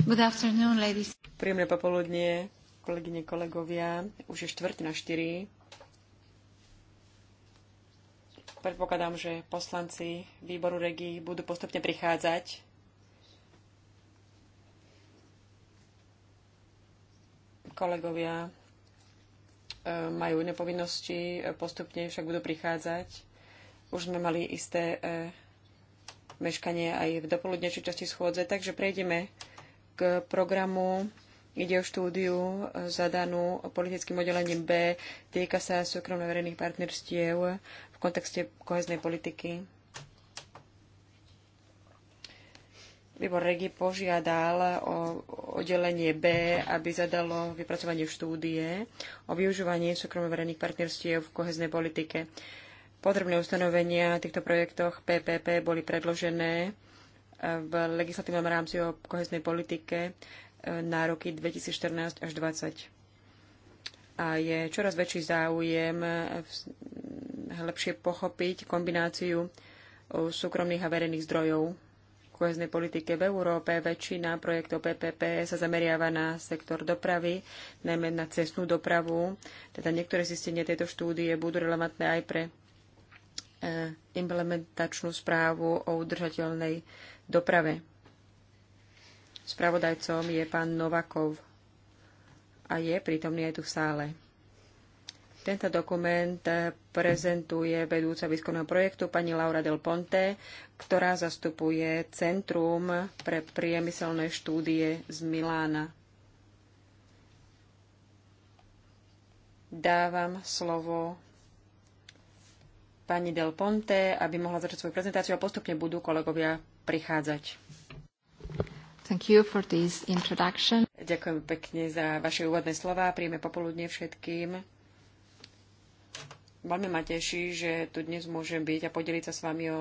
Good afternoon, ladies. Príjemné popoludnie, kolegyne, kolegovia. Už je štvrť na štyri. Predpokladám, že poslanci výboru regí budú postupne prichádzať. Kolegovia e, majú iné povinnosti, e, postupne však budú prichádzať. Už sme mali isté e, meškanie aj v dopoludnejšej časti schôdze, takže prejdeme k programu. Ide o štúdiu e, zadanú politickým oddelením B. Týka sa súkromne verejných partnerstiev v kontexte koheznej politiky. Výbor Regi požiadal o oddelenie B, aby zadalo vypracovanie štúdie o využívaní súkromne verejných partnerstiev v koheznej politike. Podrobné ustanovenia týchto projektoch PPP boli predložené v legislatívnom rámci o kohesnej politike e, na roky 2014 až 2020 a je čoraz väčší záujem e, lepšie pochopiť kombináciu e, súkromných a verejných zdrojov koheznej politike v Európe. Väčšina projektov PPP sa zameriava na sektor dopravy, najmä na cestnú dopravu. Teda niektoré zistenia tejto štúdie budú relevantné aj pre implementačnú správu o udržateľnej doprave. Spravodajcom je pán Novakov a je prítomný aj tu v sále. Tento dokument prezentuje vedúca výskumného projektu pani Laura Del Ponte, ktorá zastupuje Centrum pre priemyselné štúdie z Milána. Dávam slovo pani Del Ponte, aby mohla začať svoju prezentáciu a postupne budú kolegovia prichádzať. Thank you for this introduction. Ďakujem pekne za vaše úvodné slova. Príjme popoludne všetkým. Veľmi ma teší, že tu dnes môžem byť a podeliť sa s vami o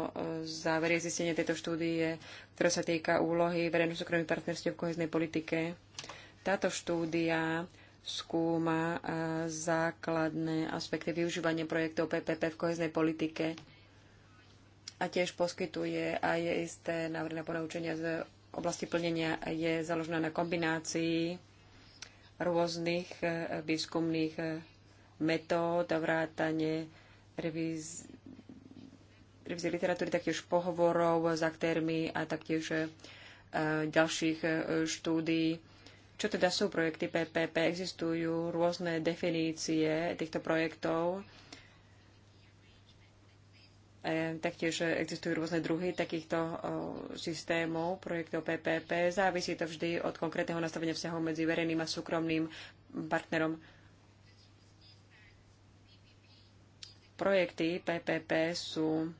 závere zistenia tejto štúdie, ktorá sa týka úlohy verejno-súkromných partnerstiev v koheznej politike. Táto štúdia skúma základné aspekty využívania projektov PPP v koheznej politike a tiež poskytuje aj isté návrhy na ponaučenia z oblasti plnenia je založená na kombinácii rôznych eh, výskumných eh, metód a vrátane revíz, revízie literatúry, taktiež pohovorov s aktérmi a taktiež eh, ďalších štúdií. Čo teda sú projekty PPP? Existujú rôzne definície týchto projektov E, taktiež existujú rôzne druhy takýchto e, systémov, projektov PPP. Závisí to vždy od konkrétneho nastavenia vzťahov medzi verejným a súkromným partnerom. Projekty PPP sú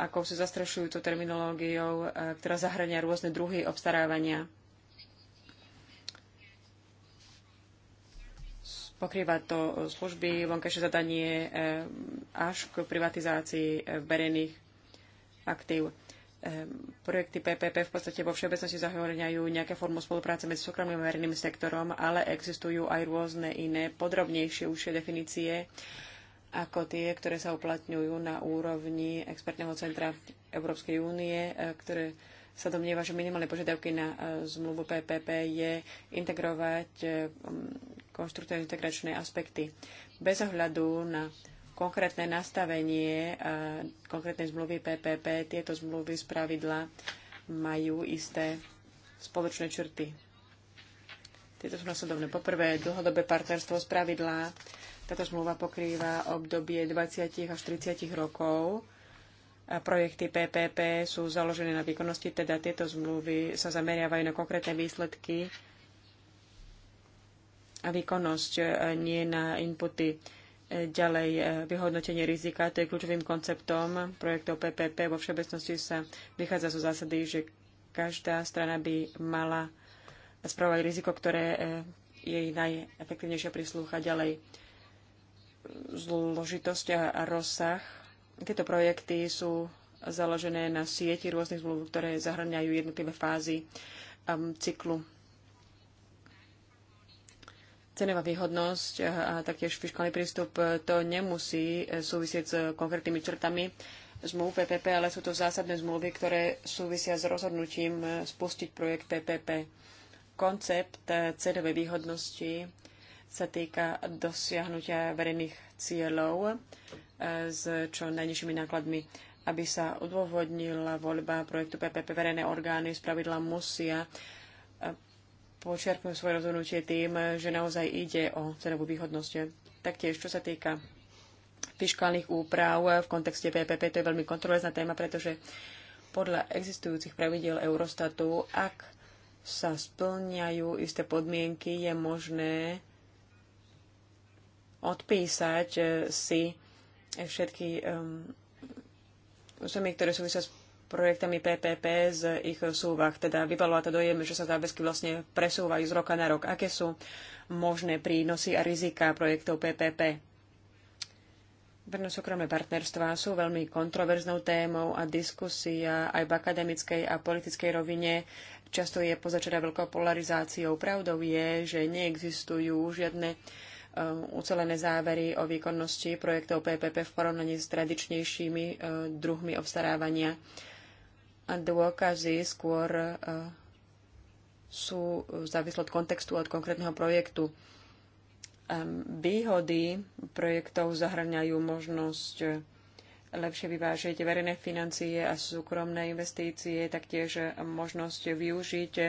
akousi zastrašujúcou terminológiou, e, ktorá zahrania rôzne druhy obstarávania. Pokrýva to e, služby, vonkajšie zadanie e, až k privatizácii e, verejných aktív. Projekty PPP v podstate vo všeobecnosti zahŕňajú nejaké formu spolupráce medzi súkromným a verejným sektorom, ale existujú aj rôzne iné podrobnejšie užšie definície, ako tie, ktoré sa uplatňujú na úrovni expertného centra Európskej únie, ktoré sa domnieva, že minimálne požiadavky na e, zmluvu PPP je integrovať e, konštruktívne integračné aspekty. Bez ohľadu na konkrétne nastavenie e, konkrétnej zmluvy PPP, tieto zmluvy z pravidla majú isté spoločné črty. Tieto sú nasledovné. Poprvé, dlhodobé partnerstvo z pravidla. Táto zmluva pokrýva obdobie 20 až 30 rokov projekty PPP sú založené na výkonnosti, teda tieto zmluvy sa zameriavajú na konkrétne výsledky a výkonnosť, e, nie na inputy. E, ďalej, e, vyhodnotenie rizika, to je kľúčovým konceptom projektov PPP. Vo všeobecnosti sa vychádza zo zásady, že každá strana by mala spravovať riziko, ktoré jej najefektívnejšie prislúcha ďalej. Zložitosť a rozsah tieto projekty sú založené na sieti rôznych zmluv, ktoré zahrňajú jednotlivé fázy um, cyklu. Cenová výhodnosť eh, a taktiež fiskálny prístup to nemusí eh, súvisieť s konkrétnymi črtami zmluv PPP, ale sú to zásadné zmluvy, ktoré súvisia s rozhodnutím eh, spustiť projekt PPP. Koncept cenovej výhodnosti sa týka dosiahnutia verejných cieľov s čo najnižšími nákladmi. Aby sa odôvodnila voľba projektu PPP, verejné orgány spravidla musia e, počiarknúť svoje rozhodnutie tým, že naozaj ide o cenovú výhodnosť. Taktiež, čo sa týka fiskálnych úprav v kontexte PPP, to je veľmi kontroverzná téma, pretože podľa existujúcich pravidiel Eurostatu, ak sa splňajú isté podmienky, je možné odpísať e, si všetky um, sumy, ktoré súvisia s projektami PPP z ich súvah. Teda vypadlo to dojem, že sa záväzky vlastne presúvajú z roka na rok. Aké sú možné prínosy a rizika projektov PPP? Verno-súkromné partnerstvá sú veľmi kontroverznou témou a diskusia aj v akademickej a politickej rovine často je pozačená veľkou polarizáciou. Pravdou je, že neexistujú žiadne uh, Um, ucelené závery o výkonnosti projektov PPP v porovnaní s tradičnejšími uh, druhmi obstarávania. A dôkazy skôr uh, sú závislé od kontextu, od konkrétneho projektu. Um, výhody projektov zahrňajú možnosť lepšie vyvážiť verejné financie a súkromné investície, taktiež možnosť využiť e,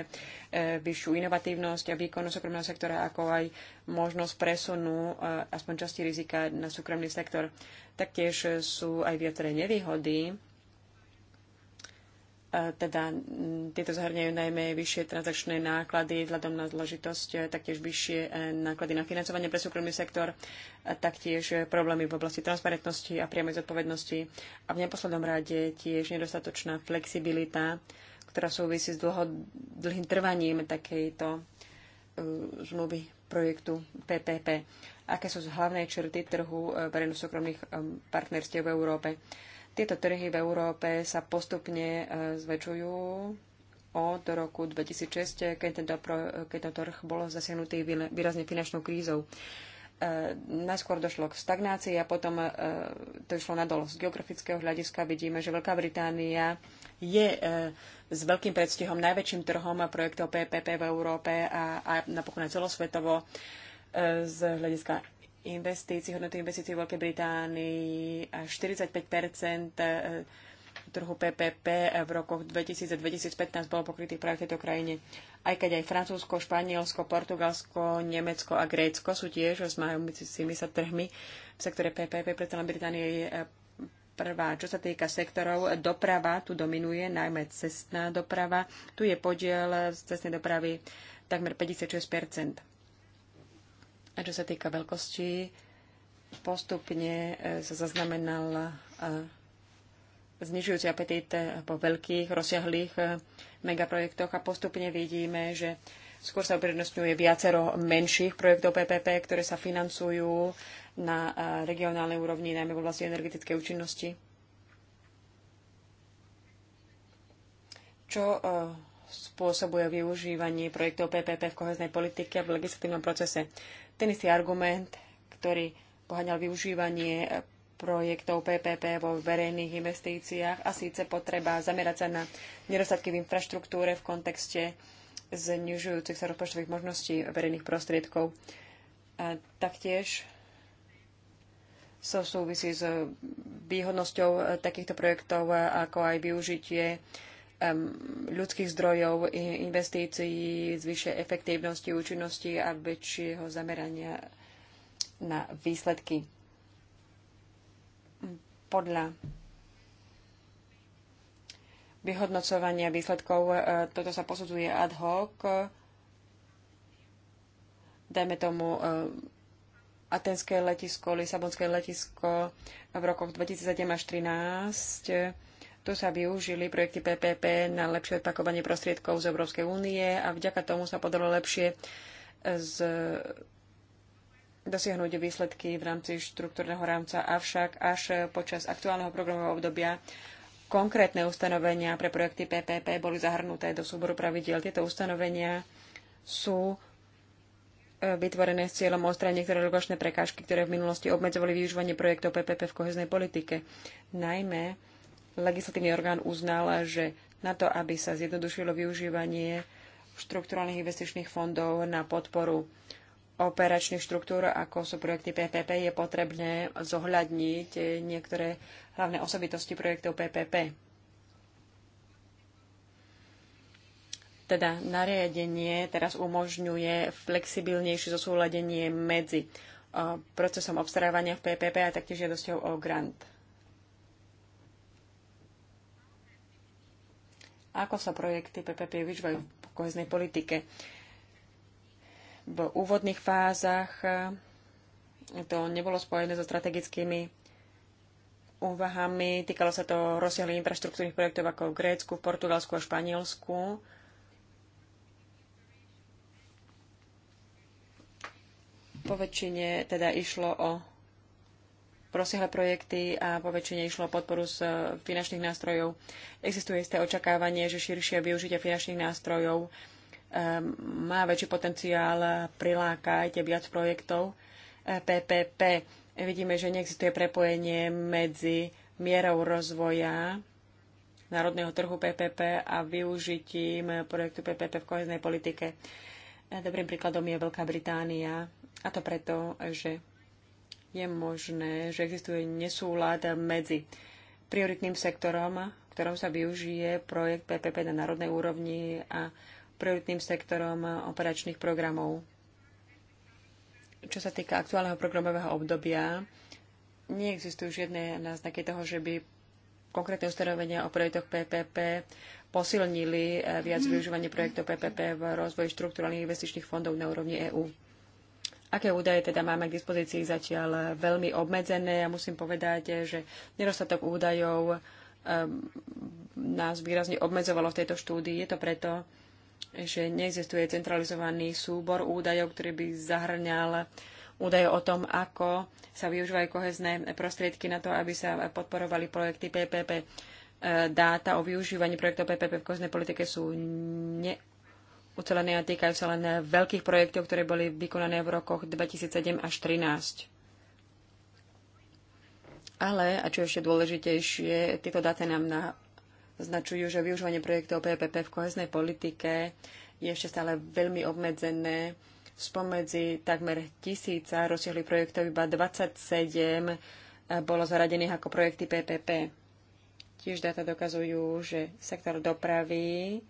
vyššiu inovatívnosť a výkonu súkromného sektora, ako aj možnosť presunu e, aspoň časti rizika na súkromný sektor. Taktiež sú aj viaceré nevýhody E, teda tieto zahrňajú najmä vyššie transakčné náklady vzhľadom na zložitosť, e, taktiež vyššie e, náklady na financovanie pre súkromný sektor, taktiež problémy v oblasti transparentnosti a priamej zodpovednosti a v neposlednom rade tiež nedostatočná flexibilita, ktorá súvisí s dlho, dlhým trvaním takejto zmluvy projektu PPP. Aké sú hlavné črty trhu verejno-súkromných partnerstiev v Európe? Tieto trhy v Európe sa postupne e, zväčšujú od roku 2006, keď tento, keď tento trh bol zasiahnutý výrazne finančnou krízou. E, najskôr došlo k stagnácii a potom e, to išlo nadol. Z geografického hľadiska vidíme, že Veľká Británia je s veľkým predstihom najväčším trhom projektov PPP v Európe a, a napokon aj celosvetovo z hľadiska investícií, hodnoty investícií v Veľkej Británii až 45 eh, trhu PPP v rokoch 2000 a 2015 bolo pokrytých práve v tejto krajine. Aj keď aj Francúzsko, Španielsko, Portugalsko, Nemecko a Grécko sú tiež s majúcimi sa trhmi v sektore PPP, preto len Británia je eh, prvá. Čo sa týka sektorov, doprava tu dominuje, najmä cestná doprava. Tu je podiel z cestnej dopravy takmer 56 a čo sa týka veľkosti, postupne e, sa zaznamenal e, znižujúci apetít e, po veľkých, rozsiahlých megaprojektoch a postupne vidíme, že skôr sa uprednostňuje viacero menších projektov PPP, ktoré sa financujú na regionálnej úrovni, najmä v oblasti energetickej účinnosti. Čo spôsobuje využívanie projektov PPP v koheznej politike a v legislatívnom procese. Ten istý argument, ktorý poháňal využívanie projektov PPP vo verejných investíciách a síce potreba zamerať sa na nedostatky v infraštruktúre v kontexte znižujúcich sa rozpočtových možností verejných prostriedkov. A taktiež so súvisí s výhodnosťou takýchto projektov, ako aj využitie ľudských zdrojov, investícií, zvyššej efektívnosti, účinnosti a väčšieho zamerania na výsledky. Podľa vyhodnocovania výsledkov e, toto sa posudzuje ad hoc. Dajme tomu e, Atenské letisko, Lisabonské letisko v rokoch 2007 až 2013 tu sa využili projekty PPP na lepšie odpakovanie prostriedkov z Európskej únie a vďaka tomu sa podalo lepšie e, z dosiahnuť výsledky v rámci štruktúrneho rámca, avšak až počas aktuálneho programového obdobia konkrétne ustanovenia pre projekty PPP boli zahrnuté do súboru pravidiel. Tieto ustanovenia sú e, vytvorené s cieľom odstrániť niektoré rokočné prekážky, ktoré v minulosti obmedzovali využívanie projektov PPP v koheznej politike. Najmä legislatívny orgán uznal, že na to, aby sa zjednodušilo využívanie štrukturálnych investičných fondov na podporu operačných štruktúr, ako sú projekty PPP, je potrebné zohľadniť niektoré hlavné osobitosti projektov PPP. Teda nariadenie teraz umožňuje flexibilnejšie zosúladenie medzi eh, procesom obstarávania v PPP a taktiež žiadosťou o grant. ako sa projekty PPP vyžívajú v koheznej politike. V úvodných fázach e, to nebolo spojené so strategickými úvahami. Týkalo sa to rozsiahlých infraštruktúrnych projektov ako v Grécku, v Portugalsku a Španielsku. Po väčšine teda išlo o rozsiahle projekty a po väčšine išlo o podporu z eh, finančných nástrojov. Existuje isté očakávanie, že širšie využitie finančných nástrojov eh, má väčší potenciál prilákať viac projektov PPP. Eh, Vidíme, že neexistuje prepojenie medzi mierou rozvoja národného trhu PPP a využitím projektu PPP v koheznej politike. Dobrým príkladom je Veľká Británia, a to preto, že je možné, že existuje nesúlad medzi prioritným sektorom, v ktorom sa využije projekt PPP na národnej úrovni a prioritným sektorom operačných programov. Čo sa týka aktuálneho programového obdobia, neexistujú žiadne náznaky toho, že by konkrétne ustanovenia o projektoch PPP posilnili eh, viac využívanie projektov PPP v rozvoji štruktúrnych investičných fondov na úrovni EÚ. Aké údaje teda máme k dispozícii zatiaľ veľmi obmedzené a ja musím povedať, že nedostatok údajov ehm, nás výrazne obmedzovalo v tejto štúdii. Je to preto, že neexistuje centralizovaný súbor údajov, ktorý by zahrňal údaje o tom, ako sa využívajú kohezné prostriedky na to, aby sa podporovali projekty PPP. Ehm, dáta o využívaní projektov PPP v kohezné politike sú ne ucelené a týkajú sa len veľkých projektov, ktoré boli vykonané v rokoch 2007 až 2013. Ale, a čo ešte dôležitejšie, tieto dáta nám naznačujú, že využívanie projektov PPP v koheznej politike je ešte stále veľmi obmedzené. Spomedzi takmer tisíca rozsiahlých projektov iba 27 eh, bolo zaradených ako projekty PPP. Tiež dáta dokazujú, že sektor dopravy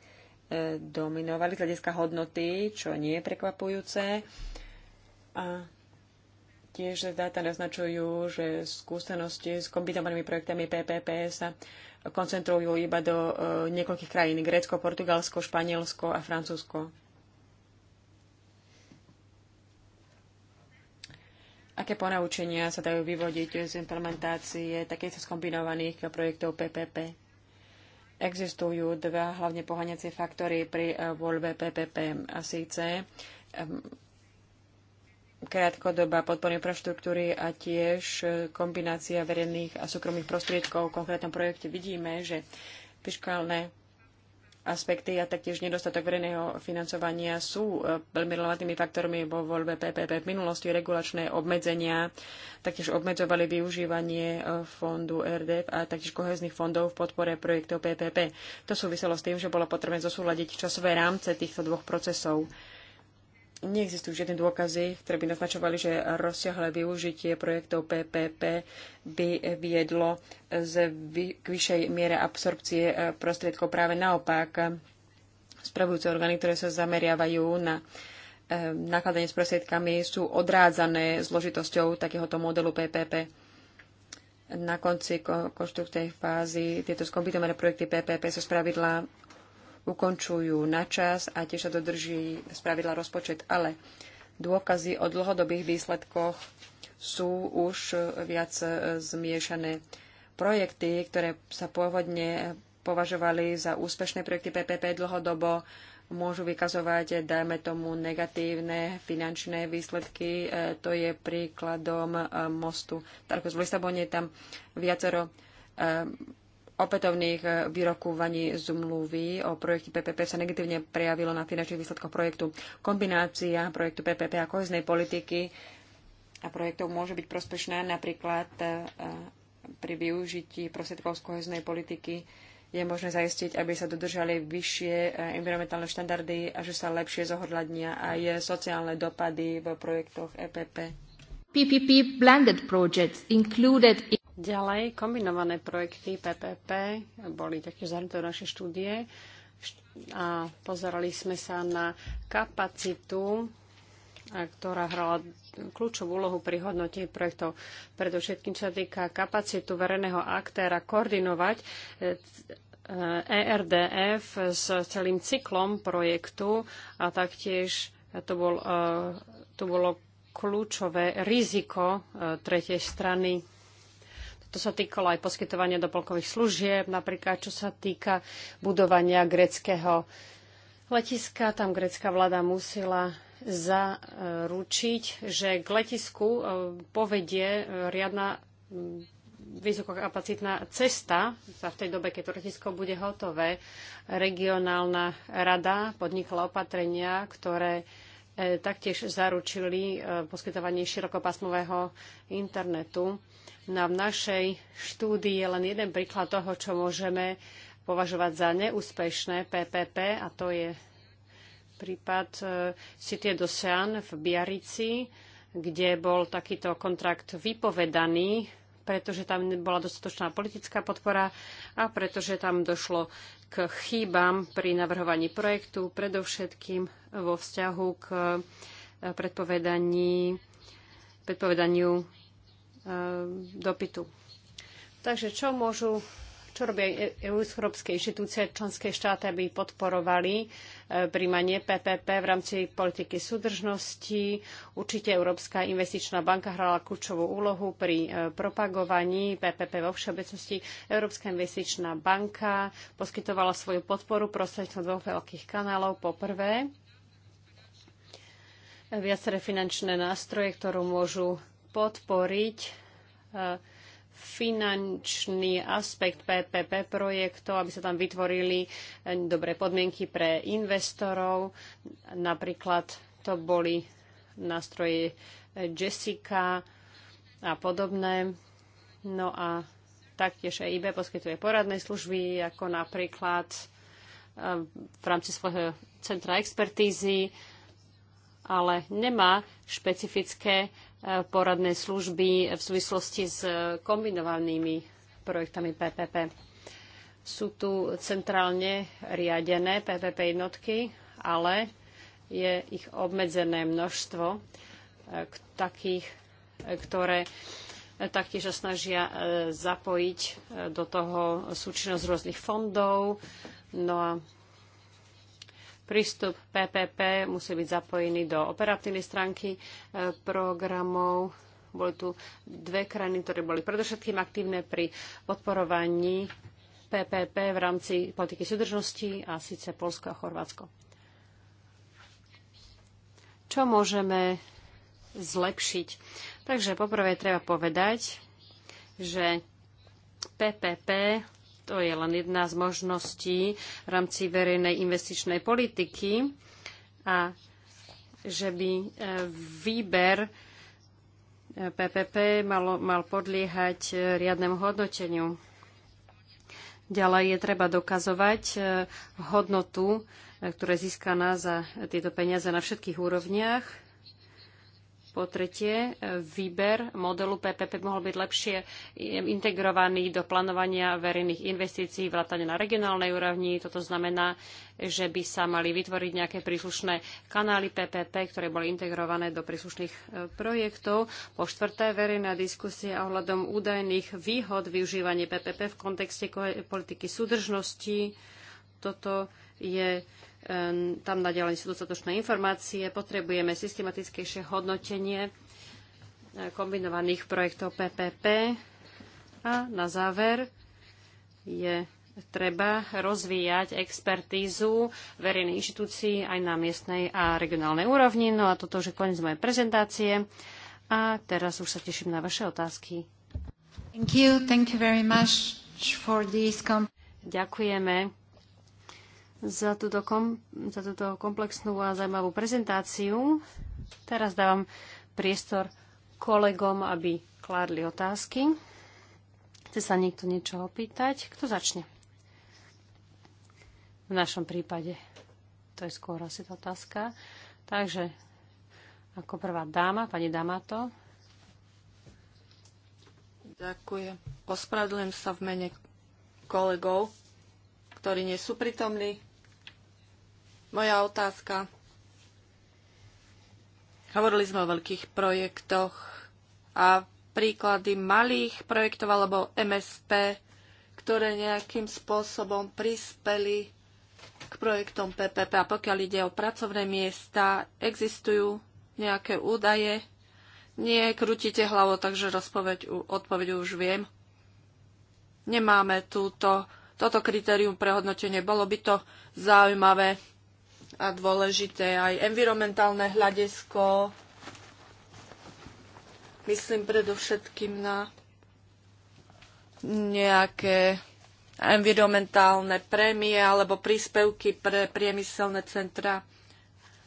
E, dominovali z hľadiska hodnoty, čo nie je prekvapujúce. A tiež dáta naznačujú, že skúsenosti s kombinovanými projektami PPP sa koncentrujú iba do e, niekoľkých krajín. Grécko, Portugalsko, Španielsko a Francúzsko. Aké ponaučenia sa dajú vyvodiť z implementácie takýchto skombinovaných projektov PPP? Existujú dva hlavne pohaniacie faktory pri eh, voľbe PPP a síce krátkodobá podpora infraštruktúry a tiež eh, kombinácia verejných a súkromných prostriedkov. V konkrétnom projekte vidíme, že fiskálne aspekty a taktiež nedostatok verejného financovania sú e, veľmi relevantnými faktormi vo voľbe PPP. V minulosti regulačné obmedzenia taktiež obmedzovali využívanie e, fondu RDF a taktiež kohezných fondov v podpore projektov PPP. To súviselo s tým, že bolo potrebné zosúľadiť časové rámce týchto dvoch procesov neexistujú žiadne dôkazy, ktoré by naznačovali, že rozsiahle využitie projektov PPP by viedlo z vy, k vyššej miere absorpcie eh, prostriedkov. Práve naopak, spravujúce orgány, ktoré sa zameriavajú na eh, nakladanie s prostriedkami, sú odrádzané zložitosťou takéhoto modelu PPP na konci konštruktnej fázy tieto skombinované projekty PPP sú spravidla ukončujú na čas a tiež sa dodrží spravidla rozpočet. Ale dôkazy o dlhodobých výsledkoch sú už viac zmiešané. Projekty, ktoré sa pôvodne považovali za úspešné projekty PPP dlhodobo, môžu vykazovať, dajme tomu, negatívne finančné výsledky. E, to je príkladom e, mostu Tarkus v Lisabone. Tam viacero e, opätovných e, vyrokúvaní zmluvy o projekte PPP sa negatívne prejavilo na finančných výsledkoch projektu. Kombinácia projektu PPP a koheznej politiky a projektov môže byť prospešná napríklad e, e, pri využití prostriedkov z koheznej politiky je možné zaistiť, aby sa dodržali vyššie environmentálne štandardy a že sa lepšie zohľadnia aj sociálne dopady v projektoch EPP. PPP blended projects included in Ďalej, kombinované projekty PPP boli taktiež zahrnuté do našej štúdie a pozerali sme sa na kapacitu, ktorá hrala kľúčovú úlohu pri hodnotení projektov. Predovšetkým, čo sa týka kapacitu verejného aktéra koordinovať ERDF e s celým cyklom projektu a taktiež to, bol, e, to bolo kľúčové riziko e, tretej strany to sa týkalo aj poskytovania doplnkových služieb, napríklad čo sa týka budovania greckého letiska. Tam grecká vláda musela zaručiť, že k letisku e, povedie e, riadna vysokokapacitná cesta sa v tej dobe, keď to letisko bude hotové, regionálna rada podnikla opatrenia, ktoré E, taktiež zaručili e, poskytovanie širokopásmového internetu. Na v našej štúdii je len jeden príklad toho, čo môžeme považovať za neúspešné PPP a to je prípad e, City d'Ocean v Biarici, kde bol takýto kontrakt vypovedaný pretože tam bola dostatočná politická podpora a pretože tam došlo k chýbam pri navrhovaní projektu, predovšetkým vo vzťahu k eh, predpovedaní, predpovedaniu e, dopytu. Takže čo môžu čo robia e- európske inštitúcie, členské štáty, aby podporovali e, príjmanie PPP v rámci politiky súdržnosti. Určite Európska investičná banka hrala kľúčovú úlohu pri e, propagovaní PPP vo všeobecnosti. Európska investičná banka poskytovala svoju podporu prostredníctvom dvoch veľkých kanálov. Po prvé, viaceré finančné nástroje, ktorú môžu podporiť finančný aspekt PPP projektov, aby sa tam vytvorili eh, dobré podmienky pre investorov. Napríklad to boli nástroje eh, Jessica a podobné. No a taktiež EIB poskytuje poradné služby, ako napríklad eh, v rámci svojho centra expertízy, ale nemá špecifické poradné služby v súvislosti s kombinovanými projektami PPP. Sú tu centrálne riadené PPP jednotky, ale je ich obmedzené množstvo e, takých, e, ktoré taktiež sa snažia e, zapojiť do toho súčinnosť rôznych fondov. No a prístup PPP musí byť zapojený do operatívnej stránky e, programov. Boli tu dve krajiny, ktoré boli predovšetkým aktívne pri podporovaní PPP v rámci politiky súdržnosti a síce Polsko a Chorvátsko. Čo môžeme zlepšiť? Takže poprvé treba povedať, že PPP to je len jedna z možností v rámci verejnej investičnej politiky a že by e, výber PPP e, malo, mal podliehať e, riadnemu hodnoteniu. Ďalej je treba dokazovať hodnotu, ktorá je získaná za tieto peniaze na všetkých úrovniach po tretie, e, výber modelu PPP mohol byť lepšie integrovaný do plánovania verejných investícií, vrátane na regionálnej úrovni. Toto znamená, že by sa mali vytvoriť nejaké príslušné kanály PPP, ktoré boli integrované do príslušných e, projektov. Po štvrté, verejná diskusia ohľadom údajných výhod využívania PPP v kontexte politiky súdržnosti. Toto je Ehm, tam naďalej sú dostatočné informácie, potrebujeme systematickejšie hodnotenie eh, kombinovaných projektov PPP a na záver je treba rozvíjať expertízu verejných inštitúcií aj na miestnej a regionálnej úrovni. No a toto už je koniec mojej prezentácie. A teraz už sa teším na vaše otázky. Thank you. Thank you very much for this Ďakujeme za túto, kom, za túto komplexnú a zaujímavú prezentáciu. Teraz dávam priestor kolegom, aby kládli otázky. Chce sa niekto niečo opýtať? Kto začne? V našom prípade to je skôr asi tá otázka. Takže ako prvá dáma, pani Damato. Ďakujem. Ospravedlňujem sa v mene kolegov, ktorí nie sú pritomní. Moja otázka. Hovorili sme o veľkých projektoch a príklady malých projektov alebo MSP, ktoré nejakým spôsobom prispeli k projektom PPP. A pokiaľ ide o pracovné miesta, existujú nejaké údaje? Nie, krútite hlavo, takže odpoveď už viem. Nemáme túto toto kritérium pre hodnotenie. Bolo by to zaujímavé a dôležité. Aj environmentálne hľadisko, myslím predovšetkým na nejaké environmentálne prémie alebo príspevky pre priemyselné centra.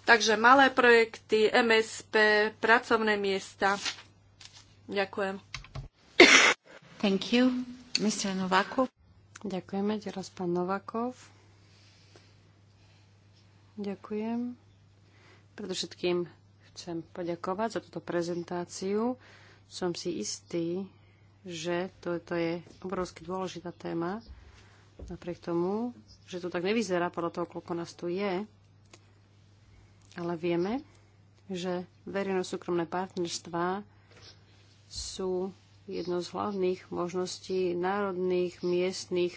Takže malé projekty, MSP, pracovné miesta. Ďakujem. Thank you, Mr. Novakov. Ďakujeme. Teraz pán Novakov. Ďakujem. Predovšetkým chcem poďakovať za túto prezentáciu. Som si istý, že toto je obrovsky dôležitá téma, napriek tomu, že to tak nevyzerá podľa toho, koľko nás tu je. Ale vieme, že verejno-súkromné partnerstvá sú Jedno z hlavných možností národných miestných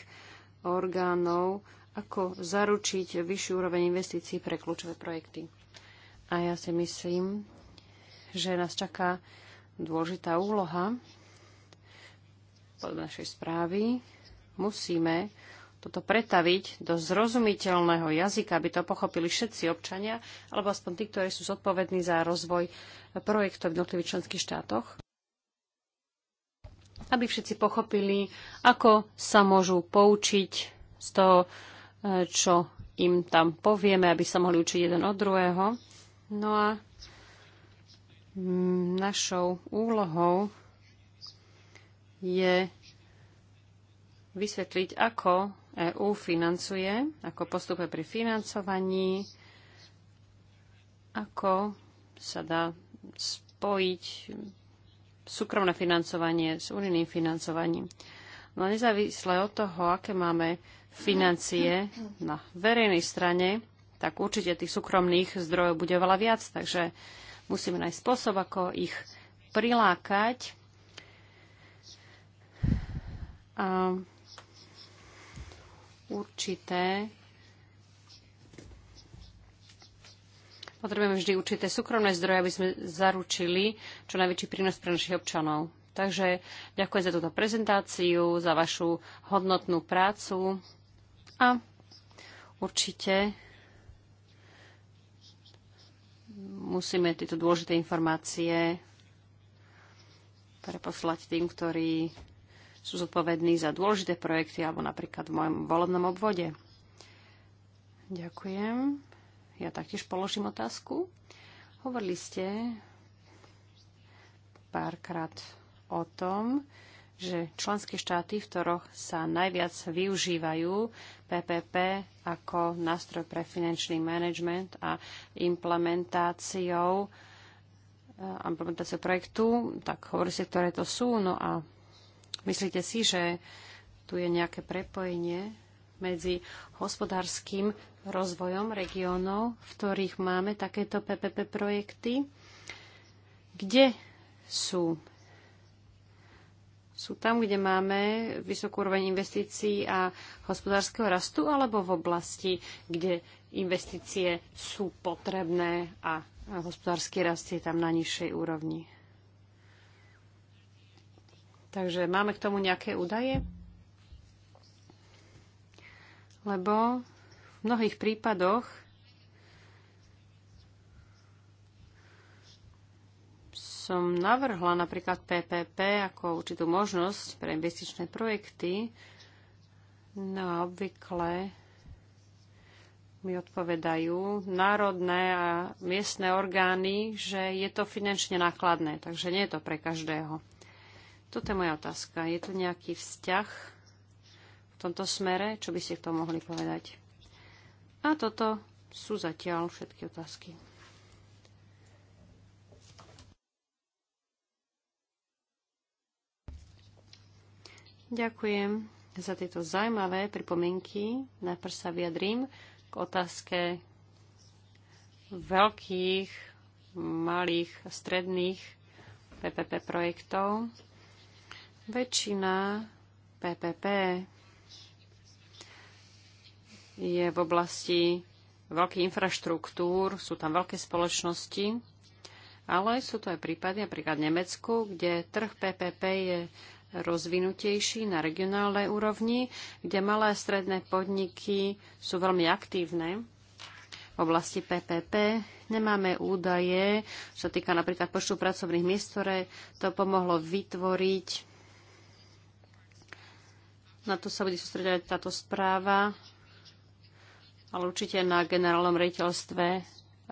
orgánov, ako zaručiť vyššiu úroveň investícií pre kľúčové projekty. A ja si myslím, že nás čaká dôležitá úloha pod našej správy. Musíme toto pretaviť do zrozumiteľného jazyka, aby to pochopili všetci občania, alebo aspoň tí, ktorí sú zodpovední za rozvoj projektov v jednotlivých členských štátoch aby všetci pochopili, ako sa môžu poučiť z toho, e, čo im tam povieme, aby sa mohli učiť jeden od druhého. No a mm, našou úlohou je vysvetliť, ako EÚ financuje, ako postupuje pri financovaní, ako sa dá spojiť súkromné financovanie s unijným financovaním. No nezávisle od toho, aké máme financie na verejnej strane, tak určite tých súkromných zdrojov bude veľa viac, takže musíme nájsť spôsob, ako ich prilákať. A určité potrebujeme vždy určité súkromné zdroje, aby sme zaručili čo najväčší prínos pre našich občanov. Takže ďakujem za túto prezentáciu, za vašu hodnotnú prácu a určite musíme tieto dôležité informácie preposlať tým, ktorí sú zodpovední za dôležité projekty alebo napríklad v mojom volebnom obvode. Ďakujem. Ja taktiež položím otázku. Hovorili ste párkrát o tom, že členské štáty, v ktoroch sa najviac využívajú PPP ako nástroj pre finančný management a implementáciou, eh, implementáciou projektu, tak hovorí si, ktoré to sú. No a myslíte si, že tu je nejaké prepojenie medzi hospodárským rozvojom regiónov, v ktorých máme takéto PPP projekty. Kde sú? Sú tam, kde máme vysokú úroveň investícií a hospodárskeho rastu, alebo v oblasti, kde investície sú potrebné a hospodársky rast je tam na nižšej úrovni. Takže máme k tomu nejaké údaje? lebo v mnohých prípadoch som navrhla napríklad PPP ako určitú možnosť pre investičné projekty. No a obvykle mi odpovedajú národné a miestne orgány, že je to finančne nákladné, takže nie je to pre každého. Toto je moja otázka. Je tu nejaký vzťah v tomto smere, čo by ste k tomu mohli povedať. A toto sú zatiaľ všetky otázky. Ďakujem za tieto zaujímavé pripomienky. Najprv sa vyjadrím k otázke veľkých, malých, stredných PPP projektov. Väčšina PPP je v oblasti veľkých infraštruktúr, sú tam veľké spoločnosti, ale sú to aj prípady, napríklad v Nemecku, kde trh PPP je rozvinutejší na regionálnej úrovni, kde malé a stredné podniky sú veľmi aktívne. V oblasti PPP nemáme údaje, čo týka napríklad počtu pracovných miest, ktoré to pomohlo vytvoriť. Na to sa bude sústredovať táto správa ale určite na generálnom rejiteľstve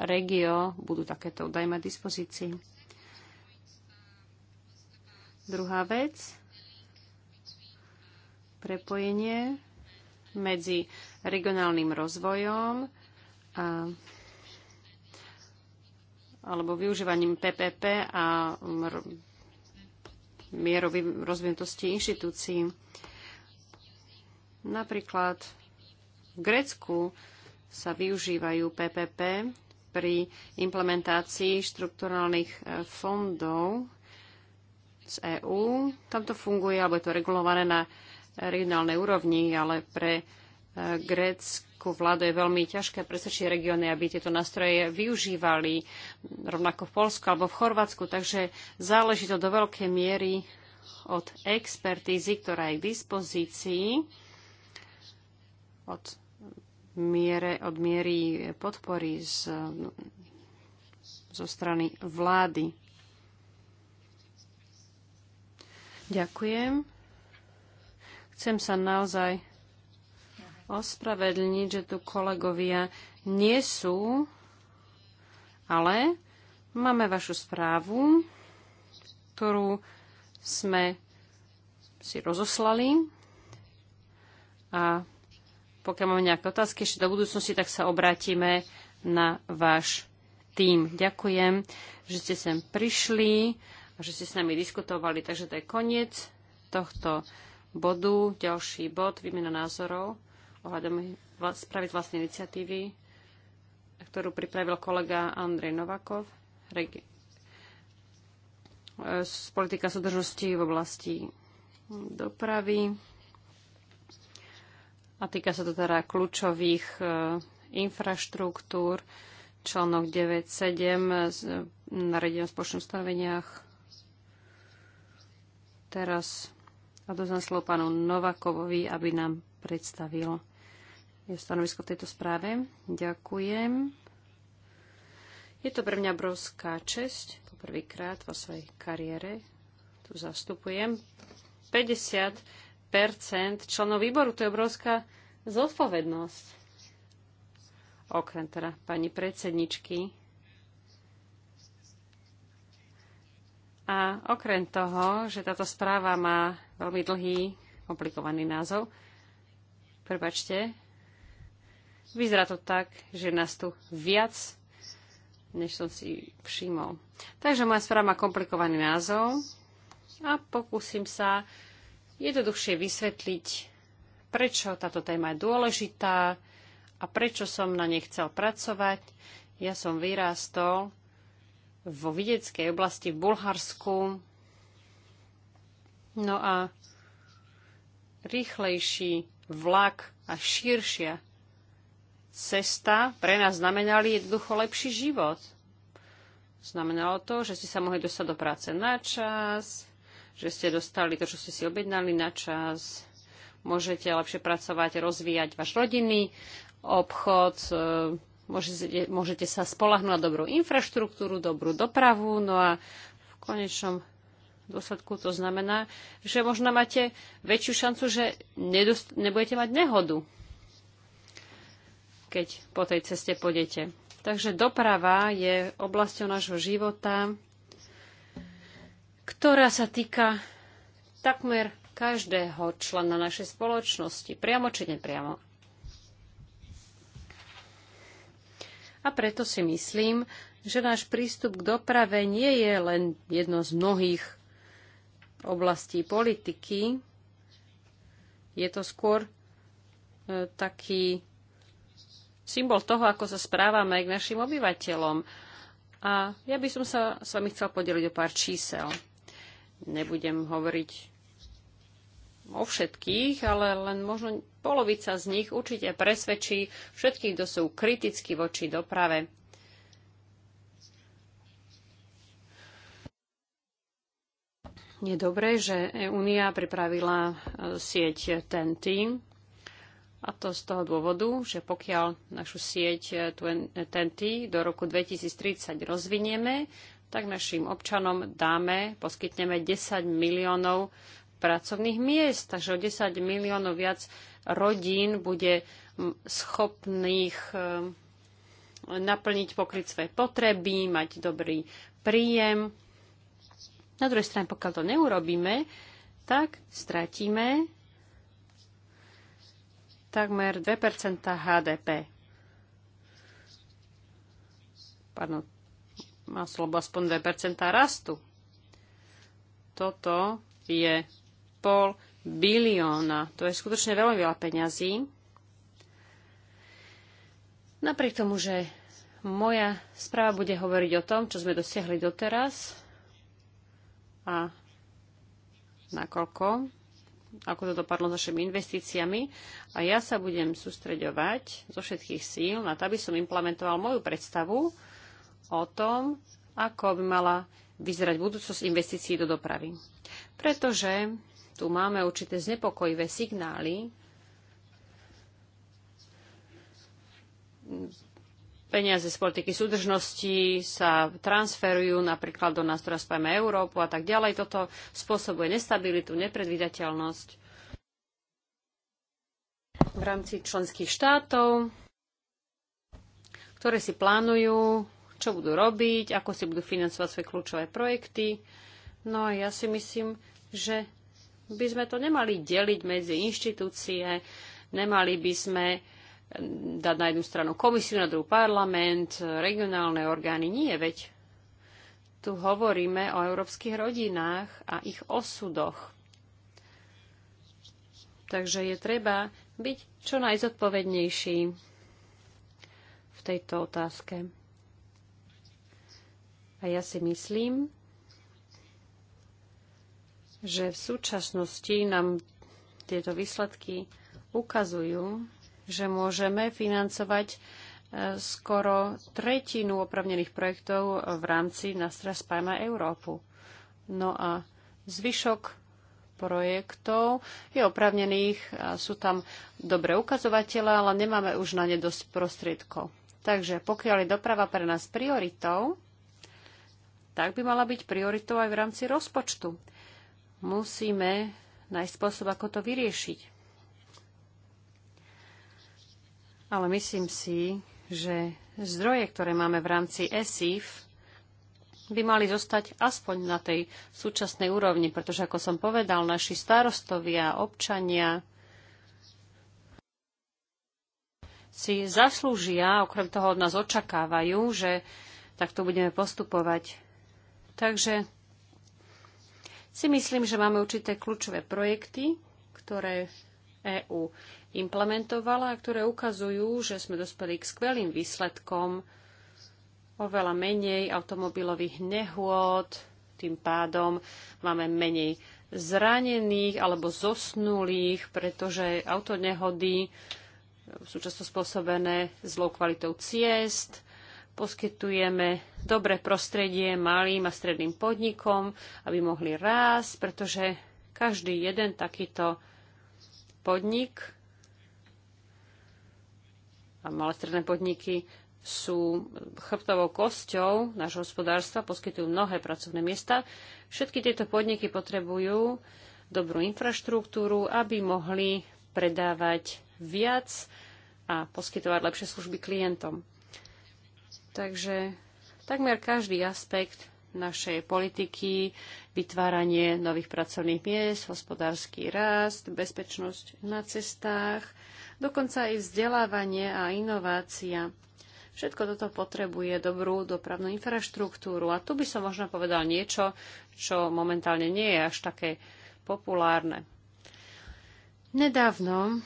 Regio budú takéto údajme k dispozícii. Druhá vec, prepojenie medzi regionálnym rozvojom a, alebo využívaním PPP a mm, mierovým rozvinutosti inštitúcií. Napríklad v Grécku sa využívajú PPP pri implementácii štrukturálnych e, fondov z EÚ. Tam to funguje, alebo je to regulované na regionálnej úrovni, ale pre e, grécku vládu je veľmi ťažké presvedčiť regióny, aby tieto nástroje využívali rovnako v Polsku alebo v Chorvátsku. Takže záleží to do veľkej miery od expertízy, ktorá je k dispozícii, od miere, od miery podpory z, zo strany vlády. Ďakujem. Chcem sa naozaj ospravedlniť, že tu kolegovia nie sú, ale máme vašu správu, ktorú sme si rozoslali a pokiaľ máme nejaké otázky ešte do budúcnosti, tak sa obrátime na váš tým. Ďakujem, že ste sem prišli a že ste s nami diskutovali. Takže to je koniec tohto bodu. Ďalší bod, výmena názorov ohľadom spraviť vlastné iniciatívy, ktorú pripravil kolega Andrej Novakov regi- z e, politika súdržnosti v oblasti dopravy a týka sa to teda kľúčových e, infraštruktúr, článok 9.7 e, na o spoločných staveniach. Teraz a doznam slovo pánu Novakovovi, aby nám predstavil stanovisko v tejto správe. Ďakujem. Je to pre mňa obrovská česť. Poprvýkrát vo svojej kariére tu zastupujem 50 členov výboru. To je obrovská zodpovednosť. Okrem teda pani predsedničky. A okrem toho, že táto správa má veľmi dlhý, komplikovaný názov, prepačte, vyzerá to tak, že nás tu viac, než som si všimol. Takže moja správa má komplikovaný názov a pokúsim sa jednoduchšie vysvetliť, prečo táto téma je dôležitá a prečo som na nej chcel pracovať. Ja som vyrástol vo videckej oblasti v Bulharsku. No a rýchlejší vlak a širšia cesta pre nás znamenali jednoducho lepší život. Znamenalo to, že ste sa mohli dostať do práce na čas, že ste dostali to, čo ste si objednali na čas, môžete lepšie pracovať, rozvíjať váš rodinný obchod, e, môžete, môžete sa spolahnúť na dobrú infraštruktúru, dobrú dopravu, no a v konečnom dôsledku to znamená, že možno máte väčšiu šancu, že nedost- nebudete mať nehodu, keď po tej ceste pôjdete. Takže doprava je oblasťou nášho života, ktorá sa týka takmer každého člena našej spoločnosti, priamo či nepriamo. A preto si myslím, že náš prístup k doprave nie je len jedno z mnohých oblastí politiky. Je to skôr e, taký symbol toho, ako sa správame k našim obyvateľom. A ja by som sa s vami chcel podeliť o pár čísel. Nebudem hovoriť o všetkých, ale len možno polovica z nich určite presvedčí všetkých, kto sú kriticky voči doprave. Je dobré, že Únia pripravila e, sieť TNT, a to z toho dôvodu, že pokiaľ našu sieť TNT e, do roku 2030 rozvinieme, tak našim občanom dáme, poskytneme 10 miliónov pracovných miest, takže o 10 miliónov viac rodín bude schopných e, naplniť, pokryť svoje potreby, mať dobrý príjem. Na druhej strane, pokiaľ to neurobíme, tak stratíme takmer 2 HDP. Pardon, má slobo aspoň 2% rastu. Toto je pol bilióna. To je skutočne veľmi veľa peňazí. Napriek tomu, že moja správa bude hovoriť o tom, čo sme dosiahli doteraz a nakoľko, ako to dopadlo s našimi investíciami. A ja sa budem sústreďovať zo všetkých síl na to, aby som implementoval moju predstavu o tom, ako by mala vyzerať budúcnosť investícií do dopravy. Pretože tu máme určité znepokojivé signály. Peniaze z politiky súdržnosti sa transferujú napríklad do nástroja Spajme Európu a tak ďalej. Toto spôsobuje nestabilitu, nepredvidateľnosť v rámci členských štátov, ktoré si plánujú čo budú robiť, ako si budú financovať svoje kľúčové projekty. No a ja si myslím, že by sme to nemali deliť medzi inštitúcie, nemali by sme eh, dať na jednu stranu komisiu, na druhú parlament, regionálne orgány. Nie, veď tu hovoríme o európskych rodinách a ich osudoch. Takže je treba byť čo najzodpovednejší v tejto otázke. A ja si myslím, že v súčasnosti nám tieto výsledky ukazujú, že môžeme financovať e, skoro tretinu opravnených projektov v rámci nastra Spajma Európu. No a zvyšok projektov je opravnených, a sú tam dobré ukazovatele, ale nemáme už na ne dosť prostriedkov. Takže pokiaľ je doprava pre nás prioritou, tak by mala byť prioritou aj v rámci rozpočtu. Musíme nájsť spôsob, ako to vyriešiť. Ale myslím si, že zdroje, ktoré máme v rámci ESIF, by mali zostať aspoň na tej súčasnej úrovni, pretože, ako som povedal, naši starostovia, občania si zaslúžia, okrem toho od nás očakávajú, že takto budeme postupovať. Takže si myslím, že máme určité kľúčové projekty, ktoré EÚ implementovala a ktoré ukazujú, že sme dospeli k skvelým výsledkom oveľa menej automobilových nehôd, tým pádom máme menej zranených alebo zosnulých, pretože autonehody sú často spôsobené zlou kvalitou ciest, poskytujeme dobré prostredie malým a stredným podnikom, aby mohli rásť, pretože každý jeden takýto podnik a malé stredné podniky sú chrbtovou kosťou nášho hospodárstva, poskytujú mnohé pracovné miesta. Všetky tieto podniky potrebujú dobrú infraštruktúru, aby mohli predávať viac a poskytovať lepšie služby klientom. Takže takmer každý aspekt našej politiky, vytváranie nových pracovných miest, hospodársky rast, bezpečnosť na cestách, dokonca aj vzdelávanie a inovácia. Všetko toto potrebuje dobrú dopravnú infraštruktúru. A tu by som možno povedal niečo, čo momentálne nie je až také populárne. Nedávno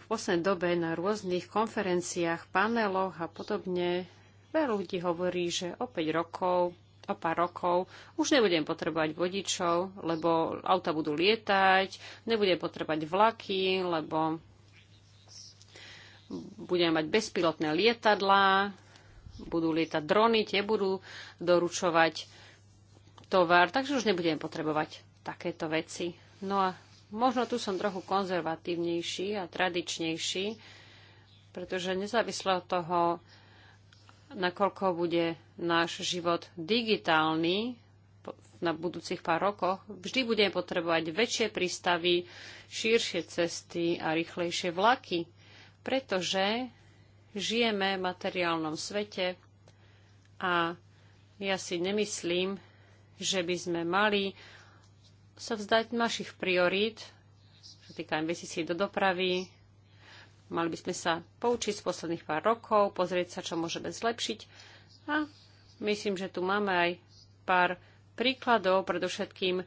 v poslednej dobe na rôznych konferenciách, paneloch a podobne veľa ľudí hovorí, že o 5 rokov, o pár rokov už nebudem potrebovať vodičov, lebo auta budú lietať, nebudem potrebovať vlaky, lebo budem mať bezpilotné lietadlá, budú lietať drony, tie budú doručovať tovar, takže už nebudem potrebovať takéto veci. No a Možno tu som trochu konzervatívnejší a tradičnejší, pretože nezávisle od toho, nakoľko bude náš život digitálny na budúcich pár rokoch, vždy budeme potrebovať väčšie prístavy, širšie cesty a rýchlejšie vlaky, pretože žijeme v materiálnom svete a ja si nemyslím, že by sme mali sa vzdať našich priorít, čo týka investícií do dopravy. Mali by sme sa poučiť z posledných pár rokov, pozrieť sa, čo môžeme zlepšiť. A myslím, že tu máme aj pár príkladov, predovšetkým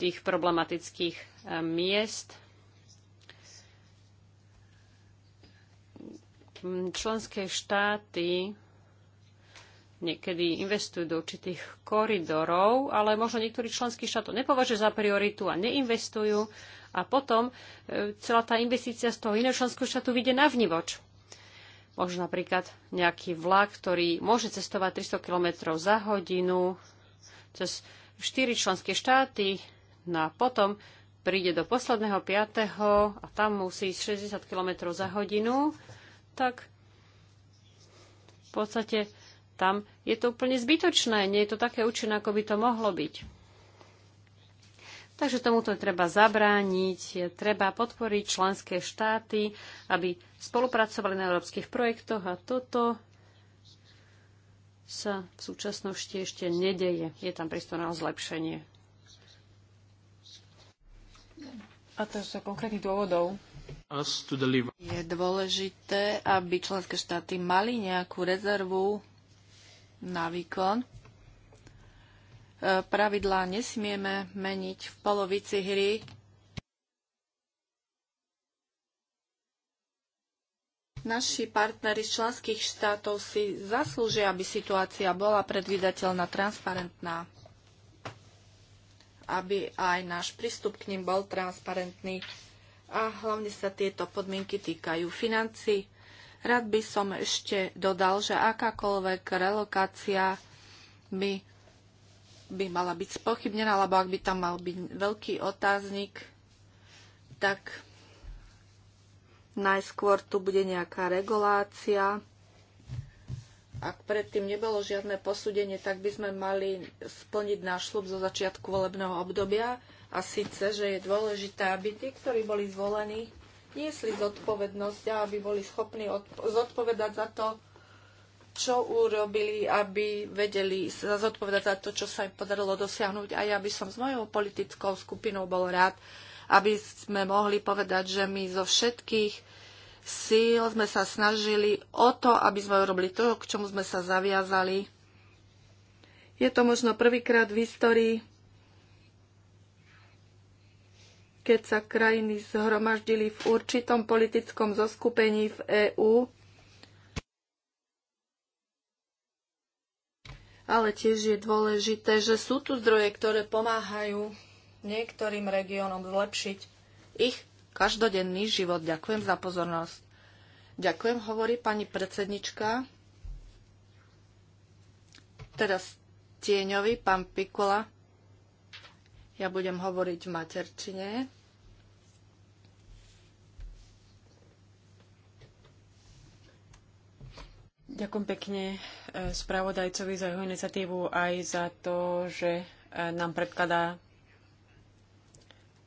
tých problematických eh, miest. Členské štáty niekedy investujú do určitých koridorov, ale možno niektorí členských to nepovažuje za prioritu a neinvestujú a potom e, celá tá investícia z toho iného členského štátu vyjde na vnívoč. Možno napríklad nejaký vlak, ktorý môže cestovať 300 km za hodinu cez 4 členské štáty, no a potom príde do posledného 5. a tam musí ísť 60 km za hodinu, tak v podstate tam je to úplne zbytočné, nie je to také účinné, ako by to mohlo byť. Takže tomuto treba zabrániť, treba podporiť členské štáty, aby spolupracovali na európskych projektoch a toto sa v súčasnosti ešte nedeje. Je tam prístor na zlepšenie. A to sa konkrétnych dôvodov. Je dôležité, aby členské štáty mali nejakú rezervu na výkon. E, pravidlá nesmieme meniť v polovici hry. Naši partnery z členských štátov si zaslúžia, aby situácia bola predvídateľná, transparentná, aby aj náš prístup k ním bol transparentný a hlavne sa tieto podmienky týkajú financií. Rád by som ešte dodal, že akákoľvek relokácia by, by mala byť spochybnená, alebo ak by tam mal byť veľký otáznik, tak najskôr tu bude nejaká regulácia. Ak predtým nebolo žiadne posúdenie, tak by sme mali splniť náš slub zo začiatku volebného obdobia. A síce, že je dôležité, aby tí, ktorí boli zvolení, niesli zodpovednosť a aby boli schopní zodpovedať za to, čo urobili, aby vedeli sa zodpovedať za to, čo sa im podarilo dosiahnuť. A ja by som s mojou politickou skupinou bol rád, aby sme mohli povedať, že my zo všetkých síl sme sa snažili o to, aby sme urobili to, k čomu sme sa zaviazali. Je to možno prvýkrát v histórii, keď sa krajiny zhromaždili v určitom politickom zoskupení v EÚ, ale tiež je dôležité, že sú tu zdroje, ktoré pomáhajú niektorým regiónom zlepšiť ich každodenný život. Ďakujem za pozornosť. Ďakujem, hovorí pani predsednička. Teraz tieňovi, pán pikola. Ja budem hovoriť v materčine. Ďakujem pekne e, spravodajcovi za jeho iniciatívu aj za to, že e, nám predkladá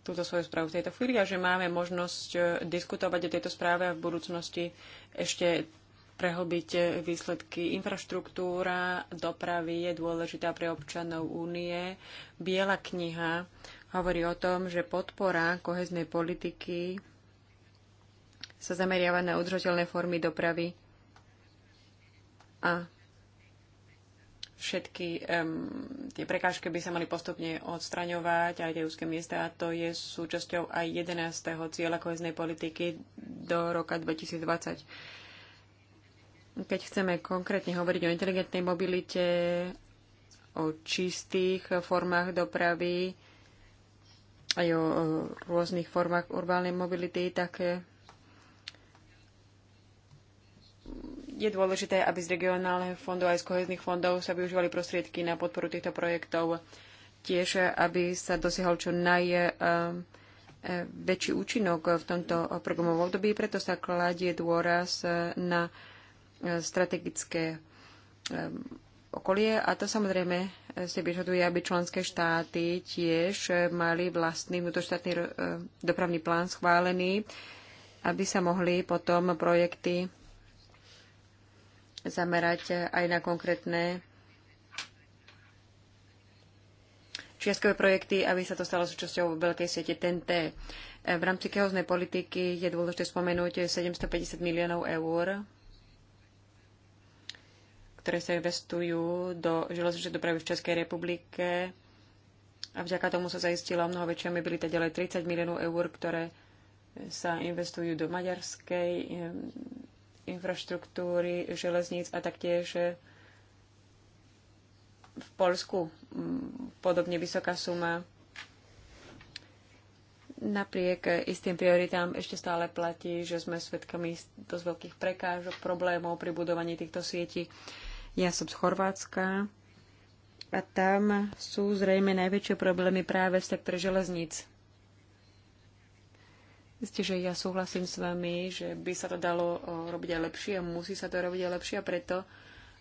túto svoju správu v tejto chvíli a že máme možnosť e, diskutovať o tejto správe a v budúcnosti ešte prehlbiť výsledky. Infraštruktúra dopravy je dôležitá pre občanov únie. Biela kniha hovorí o tom, že podpora koheznej politiky sa zameriava na udržateľné formy dopravy a všetky um, tie prekážky by sa mali postupne odstraňovať, aj tie úzke miesta, a to je súčasťou aj 11. cieľa koheznej politiky do roka 2020 keď chceme konkrétne hovoriť o inteligentnej mobilite, o čistých formách dopravy, aj o rôznych formách urbálnej mobility, tak e, je dôležité, aby z regionálneho fondov aj z kohezných fondov sa využívali prostriedky na podporu týchto projektov. Tiež, aby sa dosiahol čo najväčší e, e, účinok v tomto programovom období, preto sa kladie dôraz na strategické okolie a to samozrejme eh, si vyžaduje, aby členské štáty tiež eh, mali vlastný vnútoštátny eh, dopravný plán schválený, aby sa mohli potom projekty zamerať aj na konkrétne čiastkové projekty, aby sa to stalo súčasťou veľkej siete TNT. V rámci kehoznej politiky je dôležité spomenúť 750 miliónov eur ktoré sa investujú do železničnej dopravy v Českej republike. A vďaka tomu sa zaistila mnoho väčšia mobilita, ďalej 30 miliónov eur, ktoré sa investujú do maďarskej infraštruktúry, železníc a taktiež eh, v Polsku mm, podobne vysoká suma. Napriek eh, istým prioritám ešte stále platí, že sme svedkami dosť veľkých prekážok, problémov pri budovaní týchto sietí. Ja som z Chorvátska a tam sú zrejme najväčšie problémy práve v sektore železníc. Ste, že ja súhlasím s vami, že by sa to dalo robiť aj lepšie a musí sa to robiť aj lepšie a preto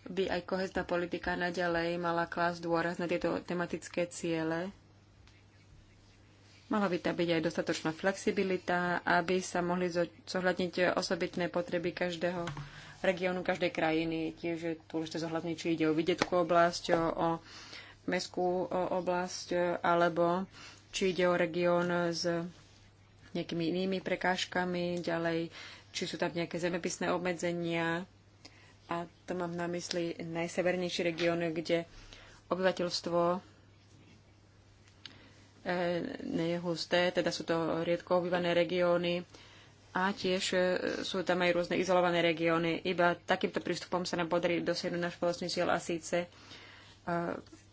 by aj kohezná politika naďalej mala klásť dôraz na tieto tematické ciele. Mala by tam byť aj dostatočná flexibilita, aby sa mohli zohľadniť osobitné potreby každého regiónu každej krajiny. Tiež je dôležité zohľadniť, či ide o vidieckú oblasť, o, o mestskú oblasť, alebo či ide o región s nejakými inými prekážkami, ďalej, či sú tam nejaké zemepisné obmedzenia. A to mám na mysli najsevernejší región, kde obyvateľstvo eh, nie je husté, teda sú to riedko obývané regióny. A tiež e, sú tam aj rôzne izolované regióny. Iba takýmto prístupom sa nám podarí dosiahnuť náš spoločný cieľ a síce e,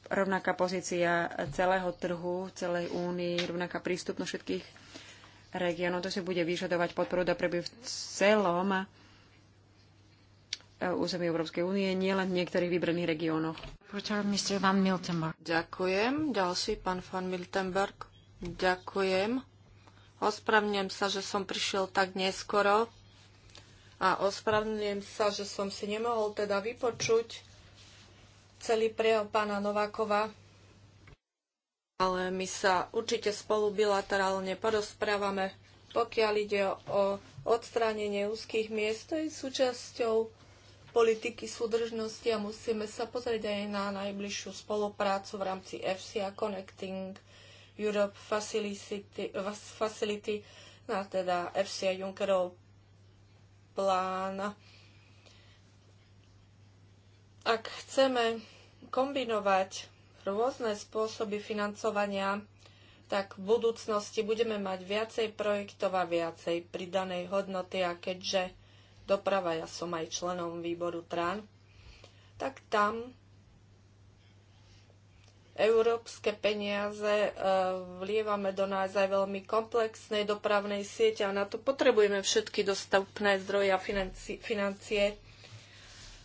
rovnaká pozícia celého trhu, celej únii, rovnaká prístupnosť všetkých regiónov. To si bude vyžadovať podporu do v celom e, území Európskej únie, nielen v niektorých vybraných regiónoch. Ďakujem. Ďalší, pán van Miltenberg. Ďakujem. Ospravňujem sa, že som prišiel tak neskoro a ospravňujem sa, že som si nemohol teda vypočuť celý prejav pána Novákova, ale my sa určite spolu bilaterálne porozprávame. Pokiaľ ide o odstránenie úzkých miest, to je súčasťou politiky súdržnosti a musíme sa pozrieť aj na najbližšiu spoluprácu v rámci FCA Connecting Europe Facility, Facility a teda FC a Junckerov plán. Ak chceme kombinovať rôzne spôsoby financovania, tak v budúcnosti budeme mať viacej projektov a viacej pridanej hodnoty a keďže doprava, ja som aj členom výboru TRAN, tak tam Európske peniaze e, vlievame do nás aj veľmi komplexnej dopravnej siete a na to potrebujeme všetky dostupné zdroje a financie, financie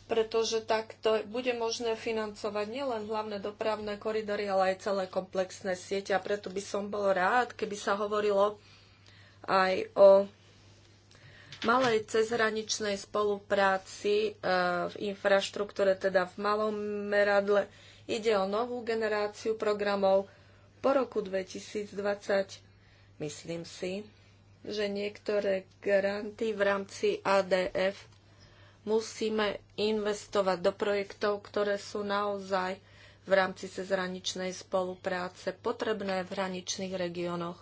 pretože takto bude možné financovať nielen hlavné dopravné koridory, ale aj celé komplexné siete. A preto by som bol rád, keby sa hovorilo aj o malej cezhraničnej spolupráci e, v infraštruktúre, teda v malom meradle. Ide o novú generáciu programov po roku 2020. Myslím si, že niektoré granty v rámci ADF musíme investovať do projektov, ktoré sú naozaj v rámci cezhraničnej spolupráce potrebné v hraničných regiónoch.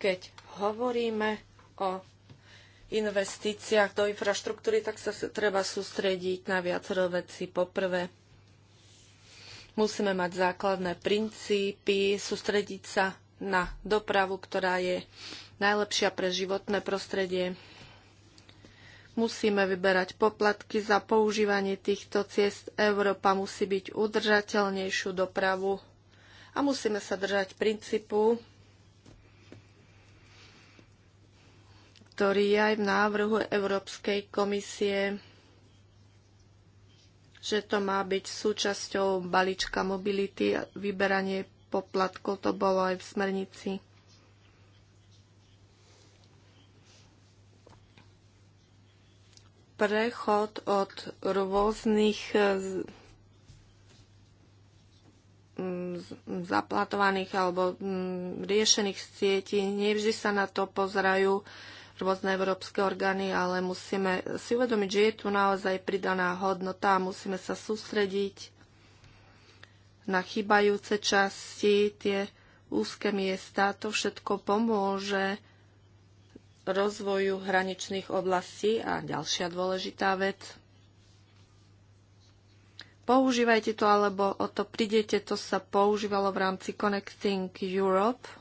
Keď hovoríme o investíciách do infraštruktúry, tak sa treba sústrediť na viacero veci. Poprvé, musíme mať základné princípy, sústrediť sa na dopravu, ktorá je najlepšia pre životné prostredie. Musíme vyberať poplatky za používanie týchto ciest. Európa musí byť udržateľnejšiu dopravu a musíme sa držať princípu ktorý je aj v návrhu Európskej komisie, že to má byť súčasťou balíčka mobility a vyberanie poplatkov, to bolo aj v smernici. Prechod od rôznych eh, mm, zaplatovaných alebo mm, riešených sietí, nevždy sa na to pozerajú rôzne európske orgány, ale musíme si uvedomiť, že je tu naozaj pridaná hodnota a musíme sa sústrediť na chýbajúce časti, tie úzke miesta. To všetko pomôže rozvoju hraničných oblastí. A ďalšia dôležitá vec. Používajte to, alebo o to pridete, to sa používalo v rámci Connecting Europe –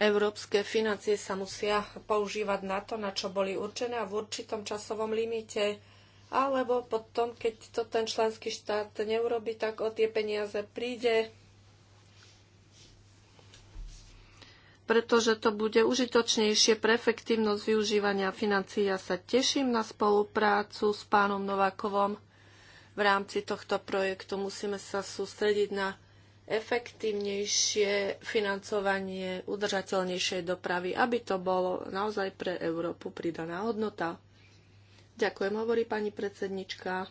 Európske financie sa musia používať na to, na čo boli určené a v určitom časovom limite. Alebo potom, keď to ten členský štát neurobi, tak o tie peniaze príde. pretože to bude užitočnejšie pre efektívnosť využívania financií. Ja sa teším na spoluprácu s pánom Novákovom v rámci tohto projektu. Musíme sa sústrediť na efektívnejšie financovanie udržateľnejšej dopravy, aby to bolo naozaj pre Európu pridaná hodnota. Ďakujem, hovorí pani predsednička.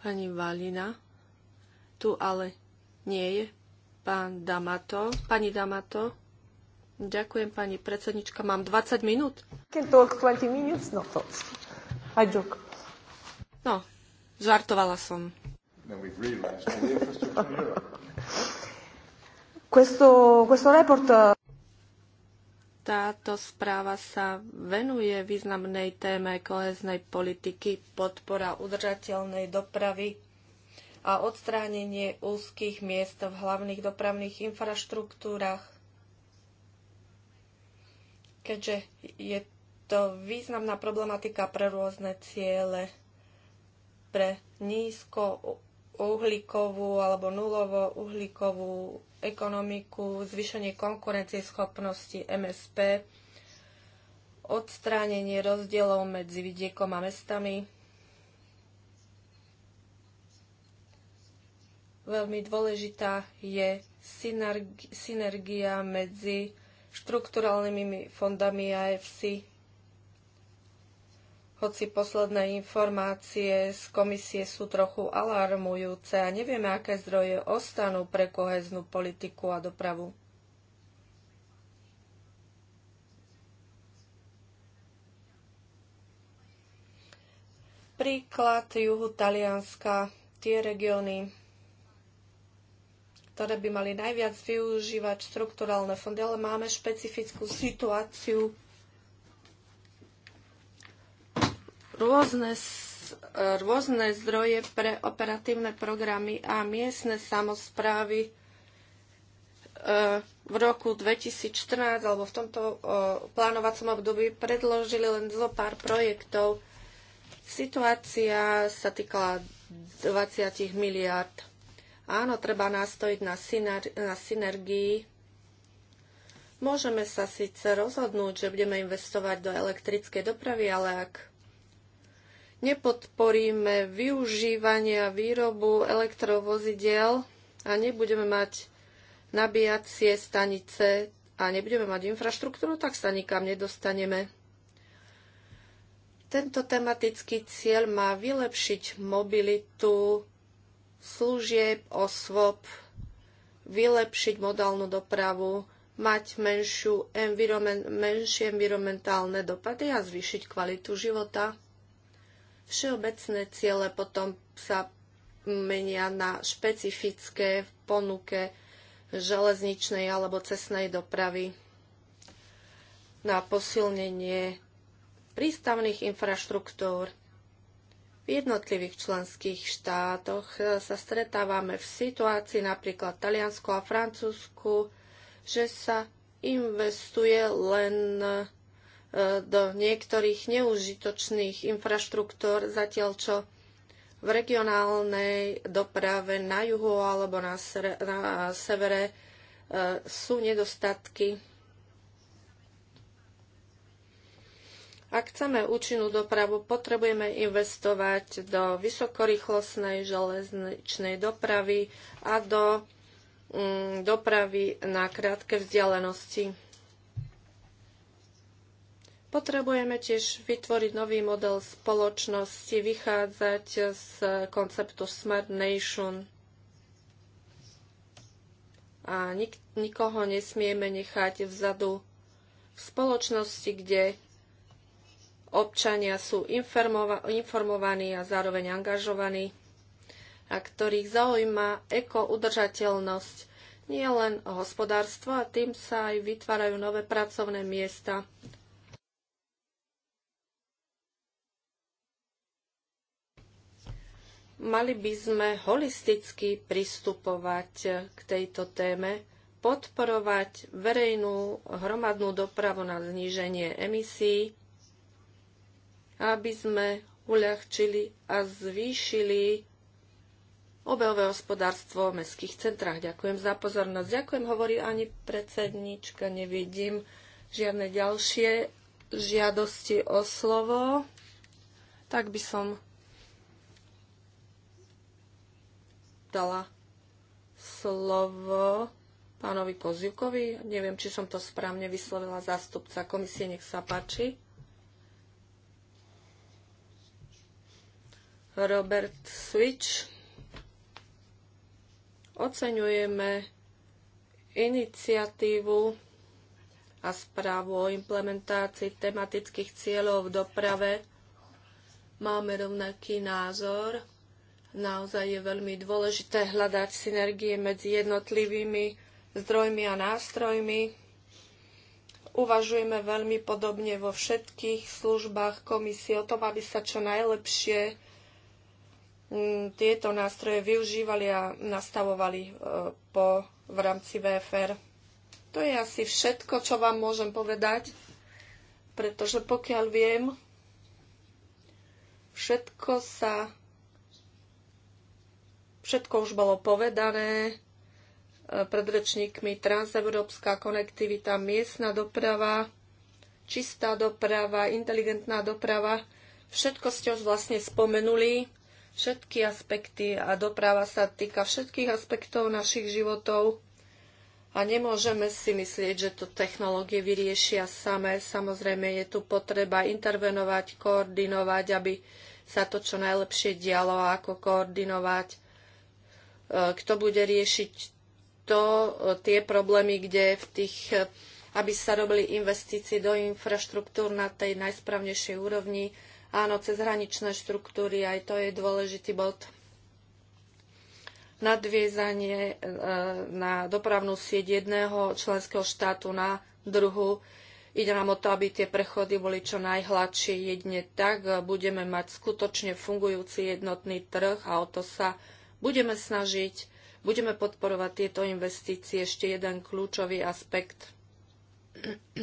Pani Valina. Tu ale nie je pán Damato. Pani Damato. Ďakujem, pani predsednička. Mám 20 minút. Keď to 20 minút, No, Aj joke. No, Žartovala som. Questo, questo report... Táto správa sa venuje významnej téme koheznej politiky, podpora udržateľnej dopravy a odstránenie úzkých miest v hlavných dopravných infraštruktúrach. Keďže je to významná problematika pre rôzne ciele pre nízko uhlíkovú alebo nulovo uhlíkovú ekonomiku, zvýšenie konkurencieschopnosti MSP, odstránenie rozdielov medzi vidiekom a mestami. Veľmi dôležitá je synergia medzi štrukturálnymi fondami AFC hoci posledné informácie z komisie sú trochu alarmujúce a nevieme, aké zdroje ostanú pre koheznú politiku a dopravu. Príklad juhu Talianska, tie regióny, ktoré by mali najviac využívať štrukturálne fondy, ale máme špecifickú situáciu rôzne, e, rôzne zdroje pre operatívne programy a miestne samozprávy e, v roku 2014 alebo v tomto e, plánovacom období predložili len zo pár projektov. Situácia sa týkala 20 miliard. Áno, treba nastojiť na, syner- na synergii. Môžeme sa síce rozhodnúť, že budeme investovať do elektrickej dopravy, ale ak nepodporíme využívanie a výrobu elektrovozidiel a nebudeme mať nabíjacie stanice a nebudeme mať infraštruktúru, tak sa nikam nedostaneme. Tento tematický cieľ má vylepšiť mobilitu služieb, osôb, vylepšiť modálnu dopravu, mať menšiu environment, menšie environmentálne dopady a zvýšiť kvalitu života. Všeobecné ciele potom sa menia na špecifické v ponuke železničnej alebo cestnej dopravy na posilnenie prístavných infraštruktúr. V jednotlivých členských štátoch sa stretávame v situácii napríklad Taliansku a Francúzsku, že sa investuje len E, do niektorých neužitočných infraštruktúr, zatiaľ čo v regionálnej doprave na juhu alebo na, sre, na severe e, sú nedostatky. Ak chceme účinnú dopravu, potrebujeme investovať do vysokorýchlostnej železničnej dopravy a do mm, dopravy na krátke vzdialenosti. Potrebujeme tiež vytvoriť nový model spoločnosti, vychádzať z konceptu Smart Nation. A nik- nikoho nesmieme nechať vzadu v spoločnosti, kde občania sú informova- informovaní a zároveň angažovaní a ktorých zaujíma ekoudržateľnosť, nie len hospodárstvo a tým sa aj vytvárajú nové pracovné miesta. Mali by sme holisticky pristupovať k tejto téme, podporovať verejnú hromadnú dopravu na zníženie emisí, aby sme uľahčili a zvýšili obehové hospodárstvo v mestských centrách. Ďakujem za pozornosť. Ďakujem, hovorí ani predsednička. Nevidím žiadne ďalšie žiadosti o slovo. Tak by som dala slovo pánovi Koziukovi. Neviem, či som to správne vyslovila zástupca komisie. Nech sa páči. Robert Switch. Oceňujeme iniciatívu a správu o implementácii tematických cieľov v doprave. Máme rovnaký názor Naozaj je veľmi dôležité hľadať synergie medzi jednotlivými zdrojmi a nástrojmi. Uvažujeme veľmi podobne vo všetkých službách komisie o tom, aby sa čo najlepšie mm, tieto nástroje využívali a nastavovali e, po, v rámci VFR. To je asi všetko, čo vám môžem povedať, pretože pokiaľ viem, všetko sa Všetko už bolo povedané e, pred rečníkmi transeurópska konektivita, miestna doprava, čistá doprava, inteligentná doprava. Všetko ste už vlastne spomenuli, všetky aspekty a doprava sa týka všetkých aspektov našich životov a nemôžeme si myslieť, že to technológie vyriešia samé. Samozrejme je tu potreba intervenovať, koordinovať, aby sa to čo najlepšie dialo a ako koordinovať kto bude riešiť to, tie problémy, kde v tých, aby sa robili investície do infraštruktúr na tej najsprávnejšej úrovni. Áno, cezhraničné štruktúry, aj to je dôležitý bod. Nadviezanie e, na dopravnú sieť jedného členského štátu na druhu. Ide nám o to, aby tie prechody boli čo najhladšie. Jedne tak budeme mať skutočne fungujúci jednotný trh a o to sa budeme snažiť, budeme podporovať tieto investície. Ešte jeden kľúčový aspekt.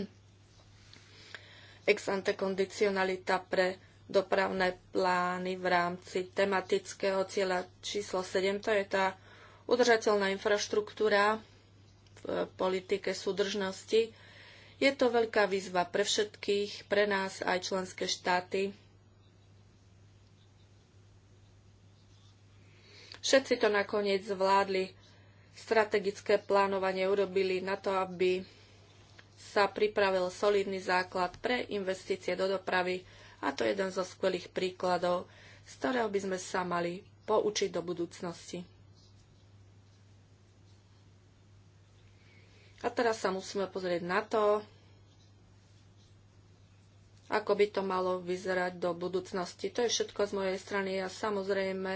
Ex ante kondicionalita pre dopravné plány v rámci tematického cieľa číslo 7, to je tá udržateľná infraštruktúra v politike súdržnosti. Je to veľká výzva pre všetkých, pre nás aj členské štáty. Všetci to nakoniec zvládli. Strategické plánovanie urobili na to, aby sa pripravil solidný základ pre investície do dopravy a to je jeden zo skvelých príkladov, z ktorého by sme sa mali poučiť do budúcnosti. A teraz sa musíme pozrieť na to, ako by to malo vyzerať do budúcnosti. To je všetko z mojej strany a samozrejme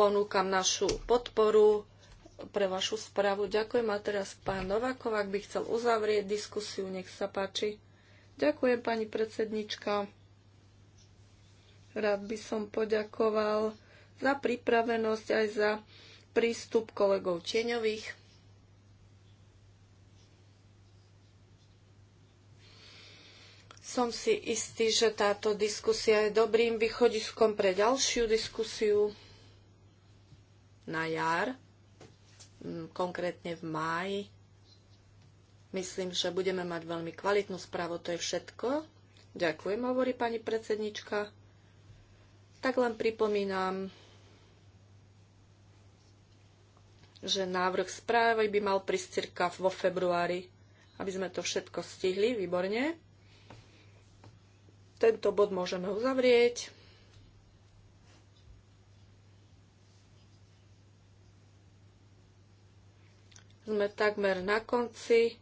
ponúkam našu podporu pre vašu správu. Ďakujem a teraz pán Novakov, ak by chcel uzavrieť diskusiu, nech sa páči. Ďakujem, pani predsednička. Rád by som poďakoval za pripravenosť aj za prístup kolegov Tieňových. Som si istý, že táto diskusia je dobrým východiskom pre ďalšiu diskusiu na jar, mm, konkrétne v máji. Myslím, že budeme mať veľmi kvalitnú správu, to je všetko. Ďakujem, hovorí pani predsednička. Tak len pripomínam, že návrh správy by mal prísť cirka vo februári, aby sme to všetko stihli, výborne. Tento bod môžeme uzavrieť. Sme takmer na konci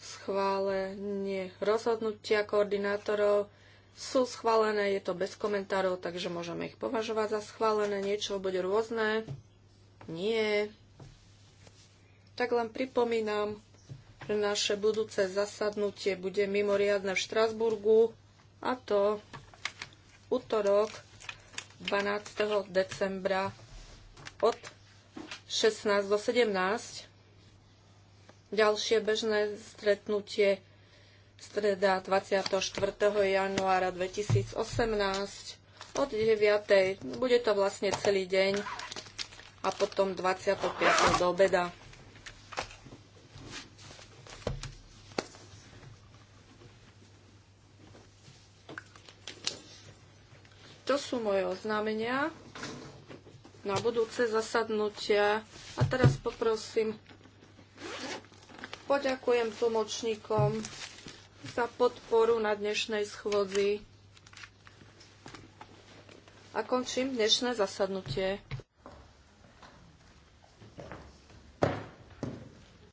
schválenie rozhodnutia koordinátorov sú schválené, je to bez komentárov, takže môžeme ich považovať za schválené. Niečo bude rôzne? Nie. Tak len pripomínam, že naše budúce zasadnutie bude mimoriadne v Štrasburgu a to útorok 12. decembra od 16 do 17. Ďalšie bežné stretnutie streda 24. januára 2018 od 9. Bude to vlastne celý deň a potom 25. do obeda. To sú moje oznámenia na budúce zasadnutia. A teraz poprosím, poďakujem tlmočníkom za podporu na dnešnej schôdzi. A končím dnešné zasadnutie.